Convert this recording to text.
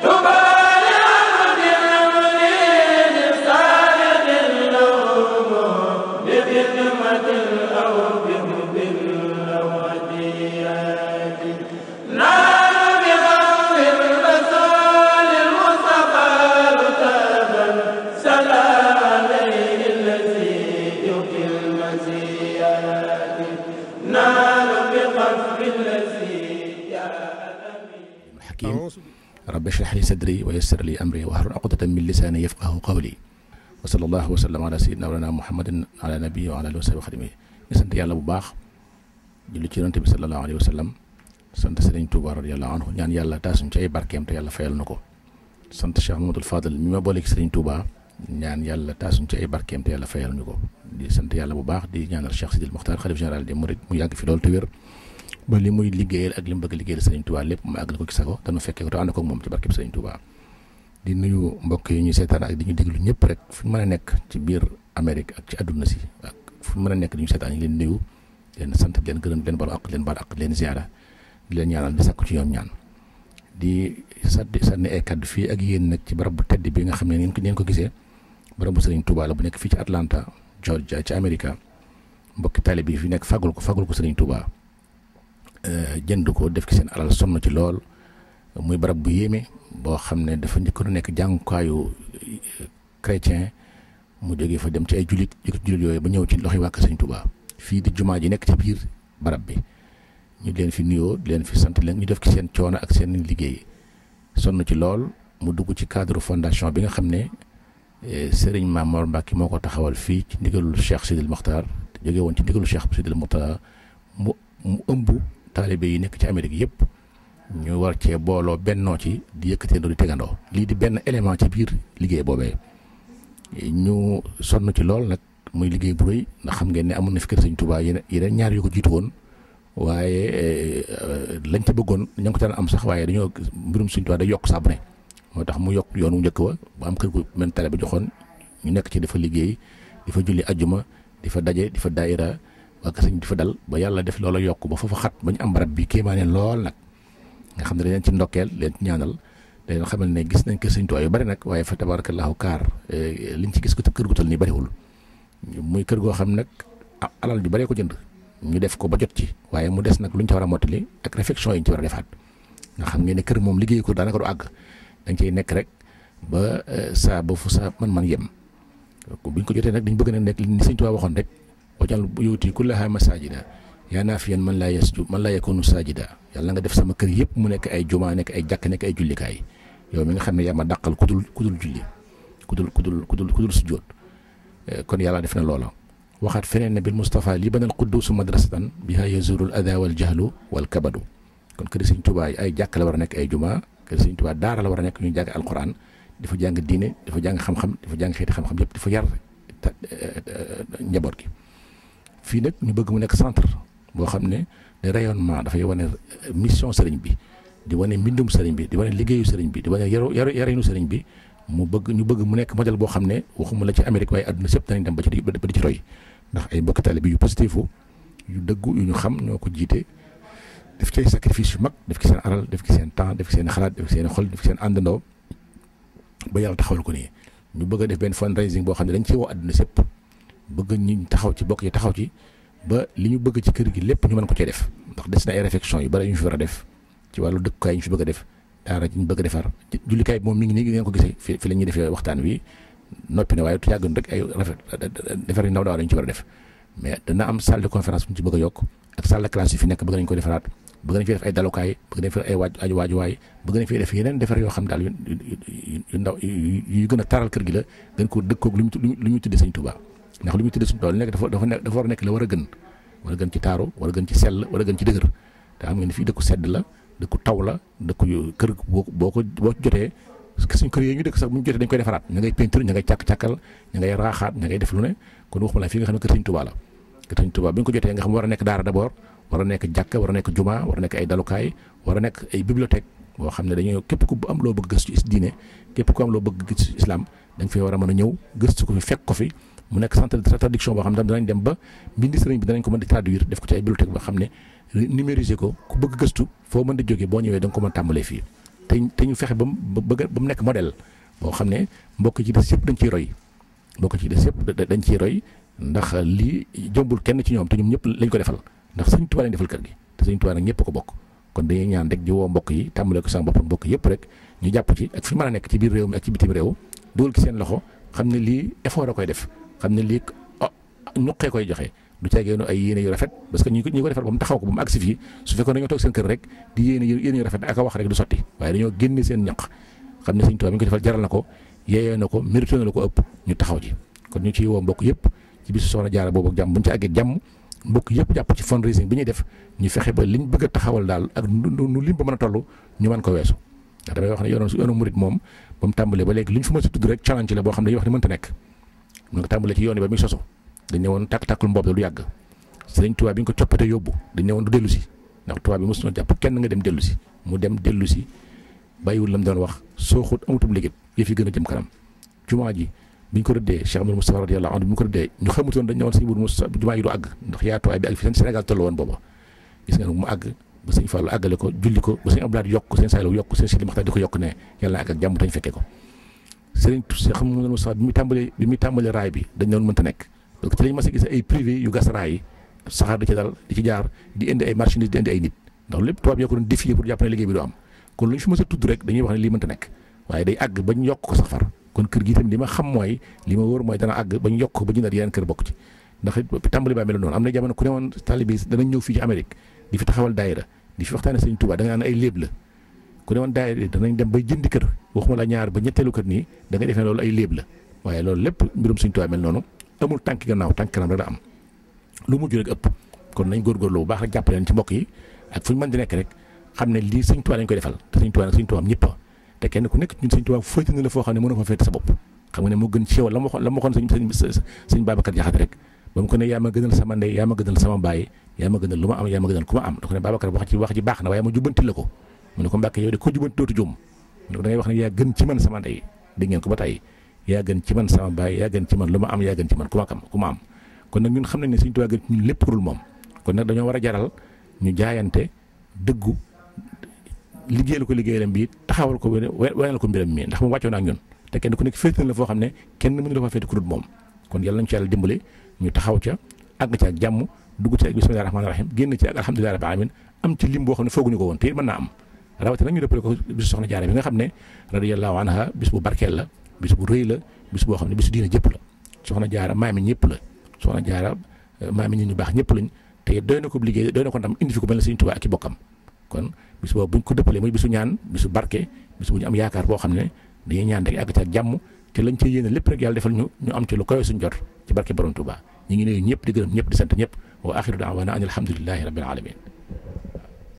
Tuba ishrah li sadri wa yassir li amri wahlul uqdatan min wa sallallahu wa sallam ala sayyidina walana muhammadin ala nabi wa ala alihi wa sahbihi xadimi ñu sant yàlla bu baax julli ci yonante bi sallallahu alayhi wa sallam sant Sëriñ ay barkeem te fayal na ko sant Cheikh Mamadul mi ma booleeg Sëriñ Tuuba ñaan ay barkeem te fayal ñu ko di sant yàlla bu baax di ñaanal Cheikh Sidil Mokhtar xalif général des Mourides mu fi loolu te ba li muy liggéeyal ak li mu bëgg liggéeyal Serigne Touba lépp mu àggale ko ci sago dana fekkee ko te ànd ko moom ci di nuyu mbokk yi ñuy seetaan ak di ñu déglu ñëpp rek fu mën a nekk ci biir Amérique ak ci àdduna si ak fu mën a nekk di ñu seetaan ñu leen nuyu leen sant leen gërëm leen balu àq leen baal àq leen ziara di leen ñaanal di sakku ci ñoom ñaan di sàdd sànni ay kàddu fii ak yéen nag ci barab bu tedd bi nga xam ne ngeen ko gisee barab bu Serigne Touba la bu nekk fii ci Atlanta Georgia ci Amérique mbokki taalib yi fi nekk fagul ko fagul ko Serigne Touba Eh, jënd ko def ci seen alal sonn ci lool muy barab bu yéeme boo xam ne dafa njëkkoon nekk jàngukaayu eh, chrétien mu jógee fa dem ci ay jullit jullit yooyu ba ñëw ci loxo yi wàkk Sëñ Tuubaa fii di jumaa ji nekk ci biir barab bi ñu leen fi nuyoo di leen fi sant leen ñu def ci seen coono ak seen liggéey sonn ci lool mu dugg ci cadre fondation bi nga xam ne eh, Serigne Mame Mor Mbacke moo ko taxawal fii ci ndigalul Cheikh Sidil Mokhtar jóge woon ci ndigalul Cheikh Sidil Mokhtar mu mu ëmb taalibe yi nekk ci Amérique yëpp ñu war cee booloo bennoo ci di yëkk yëkkateendoo di tegandoo lii di benn élément ci biir liggéey boobee ñu sonn ci lool nag muy liggéey bu rëy ndax xam ngeen ne amoon na fi kër Sëñ Tuubaa yeneen ñaar yoo ko jiitu woon waaye euh, lañ ca bëggoon ña ngi ko am sax waaye dañoo mbirum Sëñ Tuubaa day yokk saa bu moo tax mu yokk yoonu njëkk wa bu am kër gu mel joxoon ñu nekk ci dafa liggéey di fa julli ajjuma di fa daje di fa daayira waa sëñ di fa dal ba yàlla def loola yokk ba foofa xat ba ñu am barab bi kéemaane lool nag nga xam ne dañ ci ndokkeel leen ci ñaanal dañoo xamal ne gis nañ kër sëñ Tuubaa yu bari nag waaye fa tabarakallahu kaar eh, liñ ci gis ko kër gu toll nii bariwul muy kër goo xam nag ah, alal yu baree ko jënd ñu def ko ba jot ci waaye mu des nag luñ ci war a mottali ak réflexion yi ñu ci war a defaat nga xam ngeen ne kër moom liggéey ko daanaka du àgg dañ cay nekk rek ba eh, saa ba fu man man yem buñ ko jotee nag dañ bëgg na nekk li sëñ Tuubaa waxoon rek wajal buyuti kullaha masajida yaa naafiyan man la yasju man laa yakunu sajida yàlla nga def sama kër yëpp mu nekk ay jumaa nekk ay jàkk nekk ay jullikaay yow mi nga xam ne yaa ma dàqal ku dul ku dul dul ku dul ku dul ku dul eh, kon yàlla def na loola waxaat feneen ne bil Moustapha li banal qudduusu madrasatan biha yazurul adaa wal jahlu wal kabadu kon kër Sëriñ Tuubaa yi ay jàkk la war a nekk ay jumaa kër Sëriñ Tuubaa daara la war a nekk ñu jàng alquran dafa jàng diine dafa jàng xam-xam dafa jàng xeeti xam-xam yëpp dafa yar eh, eh, njaboot gi fii nag ñu bëgg mu nekk centre boo xam ne de rayonnement dafay wane euh, mission sëriñ bi di wane mbindum sëriñ bi di wane liggéeyu sëriñ bi di wane yaru yarinu sëriñ bi mu bëgg ñu bëgg mu nekk modèle boo xam ne waxuma la ci Amérique waaye àdduna sépp danañ dem ba ci ba di ci roy ndax ay mbokk taalibe yu positif yu dëggu yu ñu xam ñoo ko jiite def ci sacrifice yu mag def ci seen alal def ci seen temps def ci seen xalaat def ci seen xol def ci seen àndandoo ba yàlla taxawal ko nii ñu bëgg a def benn fundraising boo xam ne dañ ci woo àdduna sépp bëgg ñu taxaw ci bokk yi taxaw ci ba li ñu bëgg ci kër gi lépp ñu mën ko cee def ndax des na ay réflexion yu bari ñu fi war a def ci wàllu dëkkukaay ñu def ñu bëgg defar jullikaay moom ko gisee fi fi la ñuy defee waxtaan wi noppi na waaye tu yàggoon mais dana am salle de conférence bu bëgg a yokk ak salle de classe yi ko defaraat bëgg nañ fi def ay dalukaay bëgg nañ fi def ay defar yoo xam daal yu ndaw gën a taral kër gi la gën ko dëkkoog lu ñu tuddee Sëñ Tuubaa ndax lu mu tuddee suñu tool nekk dafa dafa nekk dafa war a nekk la war a gën war a gën ci taaru war a gën ci sell war a gën ci dëgër te la dëkku taw la dëkku kër boo boo ko boo jotee suñ kër yi ñu dëkk sax ñu jotee dañ koy defaraat ña ngay peinture ña ngay càkk-càkkal ña ngay raaxaat ña ngay def lu ne kon waxuma la fii nga xam ne kër Sëñ Tuubaa la kër Sëñ Tuubaa bi ñu ko jotee nga xam war a nekk a nekk a nekk juma war a nekk ay dalukaay war a xam ne dañuy képp ku am loo bëgg gëstu diine képp ku am loo bëgg fee war a mën a ñëw gëstu ko fi fekk ko fi mu nekk centre de traduction boo xam ne danañ dem ba mbindi sëriñ bi danañ ko mën di traduire def ko ci ay bibliothèque ne numériser ko ku bëgg gëstu foo mën di jógee boo ñëwee da nga ko mën tàmbalee fii te te ñu fexe ba mu bëgg ba mu nekk modèle boo xam ne mbokk ci des yëpp dañ ciy roy mbokk ci des yëpp dañ ciy roy ndax lii jombul kenn ci ñoom te ñoom ñëpp lañ ko defal ndax sëñ Tuubaa lañ defal kër gi te sëñ Tuubaa nag ñëpp ko bokk kon dañuy ñaan rek di woo yi tàmbalee ko sama bopp mbokk yëpp rek ñu jàpp ci ak fi mën a nekk ci biir réew mi ak ci bitim réew dugal ki seen loxo xam ne lii effort a koy def xam ne lii ah, ñuqee koy joxe du caageenu ay yéene yu rafet parce que ñu ko ñi ko defar ba mu taxaw ko ba mu agsi fii su fekkoon dañoo toog seen kër rek di yéene yu rafet ak a wax rek du sotti waaye dañoo génne seen ñaq xam ne Sëñ Tuubaa mi ngi ko defal jaral na ko yeeyee na ko mérité na la ko ëpp ñu taxaw ji kon ñu ciy woo mbokk yëpp ci boobu ak jàmm bu ñu ci àggee jàmm yëpp jàpp ci fundraising bi ñuy def ñu fexe ba liñ bëgg taxawal daal ak nu lim ba mën a toll ñu mën ko weesu ndax damay wax ne yoonu yoonu murit moom ba mu tàmbalee ba mu ngi tàmbalee ci yoon ba mi soso dañ ne woon tàkk tàkkul mboob du yàgg sëriñ Tuubaa bi ñu ko coppate yóbbu dañ ne woon du dellu ndax Tuubaa bi dem dellu si mu dem si bàyyiwul la mu doon wax soo xut amutum liggéey yëf yi gën a jëm kanam jumaa ji bi ñu ko rëddee Cheikh Amadou Moustapha radiyallahu anhu ko rëddee ñu xamutoon dañ ne woon sëñ Mourou jumaa ji du àgg ndax yaatuwaay bi ak fi seen Sénégal toll woon booba gis nga mu àgg ba sëñ Fallou àggale ko julli ko ba sëñ Abdoulaye yokk seen Saliou yokk seen Sidi yokk ne yàlla na ko Serigne Touche xam mu Moussa bi muy tàmbali bi muy tàmbalee raay bi dañ doon mënta nekk donc ci lañ mas a gis ay privé yu gas raay yi saxaar da ci dal di ci jaar di indi ay marchandises di indi ay nit ndax lépp tubaab yaa ko doon défier pour jàpp ne liggéey bi du am kon lu ñu fi mës a tudd rek dañuy wax ne ko sax gi itam li ma xam mooy li ma wóor mooy dana àgg bañ yokk ko ba ñu daal yeneen kër bokk ci ndax tàmbali baa mel noonu am na jamono ku ne woon taalibe danañ ñëw fii ci Amérique di fi taxawal daayira di fi waxtaane Sëriñ Tuubaa la ku ne woon daayira danañ dem bay jëndi kër waxuma la ñaar ba ñetteelu kër nii da nga defee loolu ay léeb la waaye loolu lépp mbirum suñ tuwaay am lu mujj rek ëpp kon nañ góorgóorlu bu baax nekk ñun suñ tuwaay féete na la foo xam ne mënoo fa féete sa bopp xam nga ne moo gën ci yow la ma waxoon la ma waxoon sëñ sëñ Babacar Jaxate rek ba mu ko ne yaa ma gënal sama ndey yaa ma gënal sama baay yaa ma gënal lu ma am yaa ma gënal ku ma am da ko ne Babacar wax ci wax ji baax na waaye ma jubbanti la ko mu ne ko Mbàkke yow ko jubanti dootu juum mu ne wax ne yaa gën ci man sama ndey dégg ngeen ko ba tey yaa gën ci man sama baay yaa gën ci man lu ma am yaa gën ci man ku ma ku ma am kon nag ñun xam nañ ne Sëriñ Tuubaa gën ci ñun lépp ku moom kon nag dañoo war a jaral ñu jaayante dëggu liggéeyal ko bi taxawal ko waneel ko mbiram mi ndax ak ñun kenn ku nekk féete foo xam ne kenn mënu la moom kon yàlla nañu ci yàlla dimbale ñu taxaw ca àgg ca ak jàmm dugg ci ak bismillahi rahmaani rahim génn ci ak alhamdulillahi rabbil alamin am ci lim boo xam ne fooguñu ko woon te mën naa am rawatina ñu dëppale ko bisu soxna jaare bi nga xam ne radiyallahu anha bis bu barkeel la bis bu rëy la bis boo xam ne bisu diina jëpp la soxna jaara maami ñëpp la soxna jaara eh, maami ñi ñu baax ñëpp lañ te doy na ko liggéey doy na ko ndam ko mel ne Sëriñ Tuubaa ak i bokkam kon bis boobu buñ ko dëppalee bisu ñaan bisu barke bisu bu ñu am yaakaar boo xam ne dañuy ñaan rek àgg ca jàmm te lañ ci yéene lépp rek yàlla defal ñu ñu am ci lu koy suñ jot ci barke borom Tuubaa ñu ngi nuyu ñëpp di gërëm ñëpp di sant ñëpp wa axiru daawana an alhamdulillahi